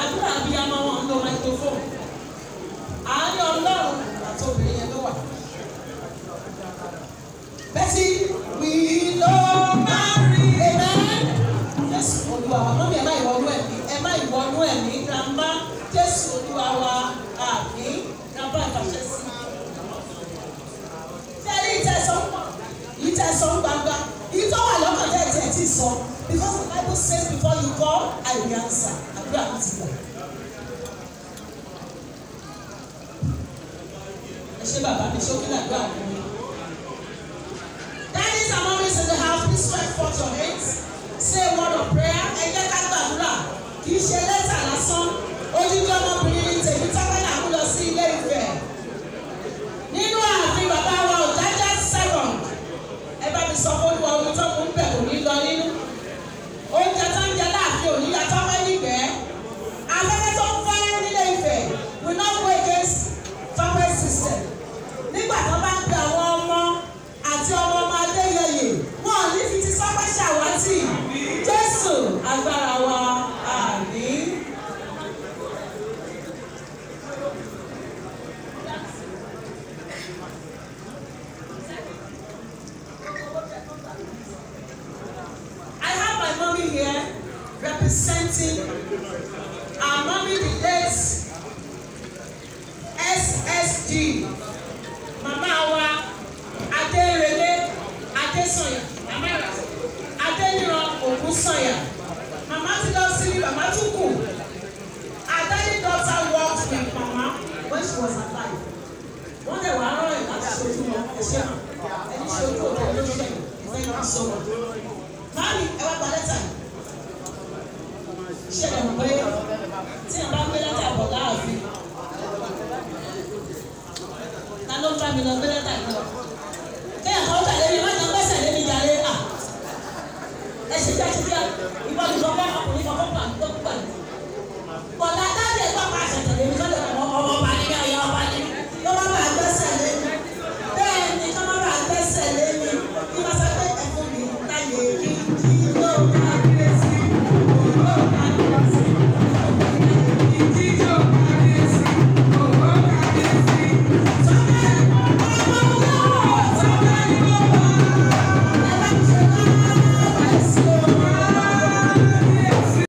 àdúrà bíi àmọ́ wọn ń lo microphone àárín ọlọ́run àti obìnrin yẹn ló wà. Betty, we. sọ because the bible says before you call i will answer àdúrà mi ti gbà. ẹ ṣe bàbá mi ṣé ó kí làdúrà mi ni. and mummies in the house please stretch forth your hands say a word of prayer ẹ jẹ́ ká gbàdúrà kì í ṣe lẹ́yìn. representing our mommy the late SSD mama wa Adérelé Adésanya mama rà Adéníran Ògúnsanya mama ti lọ sí ní mama tún kù Adéní daughter worked with mama when she was alive wọ́n lè wá rán ìlà ṣojú wọn ẹ̀ṣẹ́ ẹni ṣojú ọ̀dọ́ lóṣù ẹ̀yìn ìfẹ́ yọ̀ọ́ sọ̀rọ̀. Máàmì ẹ wá gba lẹ́tà yìí ṣé ẹ̀ ń pé tí ẹ̀ bá gbé lẹ́tà ẹ̀bọ̀ láàfin ta ló ń mi lọ gbé lẹ́tà ẹ̀bọ̀ bẹ́ẹ̀ kọ́ gbà lé mi má jẹun gbẹ́sẹ̀ lé mi yàrá ẹ̀ ṣe jẹ́ ṣe jẹ́ bẹ́ẹ̀ ọkùnrin kan kó pàǹtó